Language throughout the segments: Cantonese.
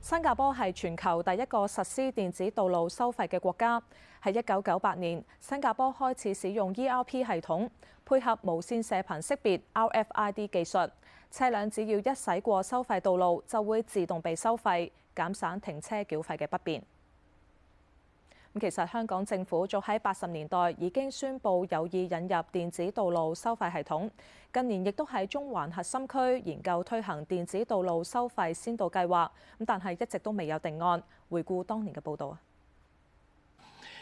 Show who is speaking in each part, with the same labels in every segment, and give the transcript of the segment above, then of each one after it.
Speaker 1: 新加坡係全球第一個實施電子道路收費嘅國家，喺一九九八年，新加坡開始使用 ERP 系統，配合無線射頻識別 RFID 技術，車輛只要一駛過收費道路，就會自動被收費，減省停車繳費嘅不便。咁其實香港政府早喺八十年代已經宣布有意引入電子道路收費系統，近年亦都喺中環核心區研究推行電子道路收費先導計劃，咁但係一直都未有定案。回顧當年嘅報導啊，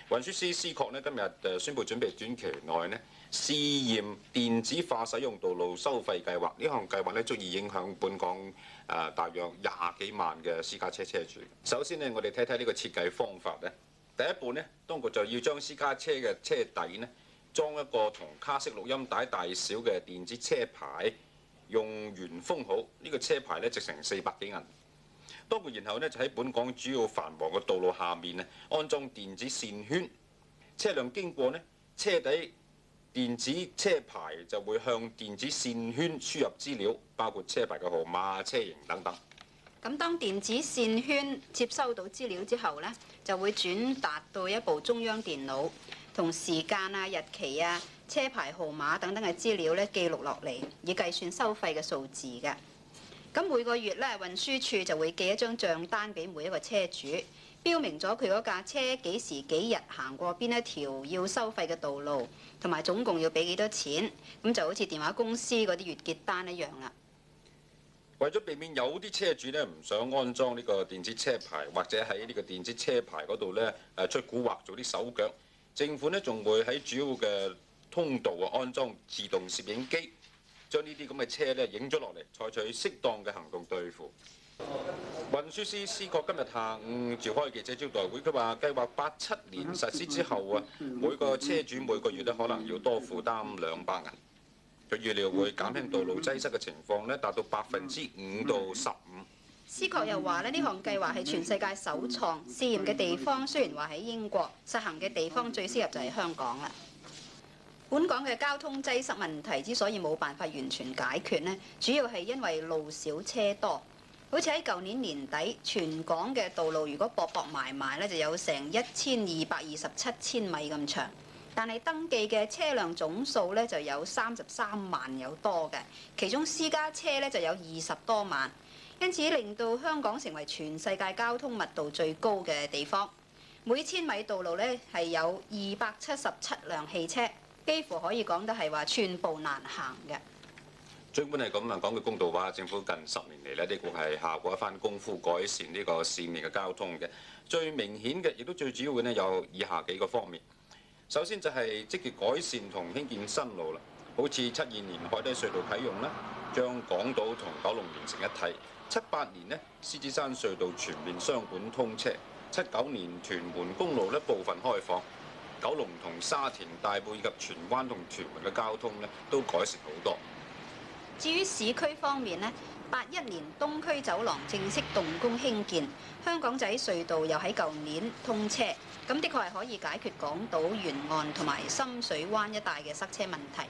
Speaker 2: 運輸司司確呢今日誒宣布準備短期內呢試驗電子化使用道路收費計劃，呢項計劃呢，足以影響本港誒、呃、大約廿幾萬嘅私家車車主。首先咧，我哋睇睇呢個設計方法咧。第一步咧，當局就要將私家車嘅車底咧裝一個同卡式錄音帶大小嘅電子車牌，用原封好。呢個車牌咧值成四百幾銀，當局然後咧就喺本港主要繁忙嘅道路下面咧安裝電子線圈，車輛經過呢，車底電子車牌就會向電子線圈輸入資料，包括車牌嘅號碼、車型等等。
Speaker 3: 咁當電子線圈接收到資料之後呢，就會轉達到一部中央電腦，同時間啊、日期啊、車牌號碼等等嘅資料咧記錄落嚟，以計算收費嘅數字嘅。咁每個月咧，運輸處就會寄一張賬單俾每一個車主，標明咗佢嗰架車幾時幾日行過邊一條要收費嘅道路，同埋總共要俾幾多錢。咁就好似電話公司嗰啲月結單一樣啦。
Speaker 2: 為咗避免有啲車主咧唔想安裝呢個電子車牌，或者喺呢個電子車牌嗰度咧誒出蠱惑做啲手腳，政府咧仲會喺主要嘅通道啊安裝自動攝影機，將呢啲咁嘅車咧影咗落嚟，採取適當嘅行動對付。運輸司司局今日下午召開記者招待會，佢話計劃八七年實施之後啊，每個車主每個月都可能要多負擔兩百銀。佢預料會減輕道路擠塞嘅情況咧，達到百分之五到十五。
Speaker 3: 思確又話，呢項計劃係全世界首創試驗嘅地方，雖然話喺英國實行嘅地方最適合就係香港啦。本港嘅交通擠塞問題之所以冇辦法完全解決咧，主要係因為路少車多。好似喺舊年年底，全港嘅道路如果駁駁埋埋咧，就有成一千二百二十七千米咁長。但係登記嘅車輛總數咧就有三十三萬有多嘅，其中私家車咧就有二十多萬，因此令到香港成為全世界交通密度最高嘅地方。每千米道路咧係有二百七十七輛汽車，幾乎可以講得係話寸步難行嘅。
Speaker 2: 最根本係咁樣，講句公道話，政府近十年嚟呢，呢個係下過一番功夫改善呢個市面嘅交通嘅。最明顯嘅，亦都最主要嘅呢，有以下幾個方面。首先就係積極改善同興建新路啦，好似七二年海底隧道啟用啦，將港島同九龍連成一體；七八年呢，獅子山隧道全面雙管通車；七九年屯門公路呢部分開放，九龍同沙田大埔以及荃灣同屯門嘅交通呢都改善好多。
Speaker 3: 至於市區方面呢？八一年東區走廊正式動工興建，香港仔隧道又喺舊年通車，咁的確係可以解決港島沿岸同埋深水灣一帶嘅塞車問題。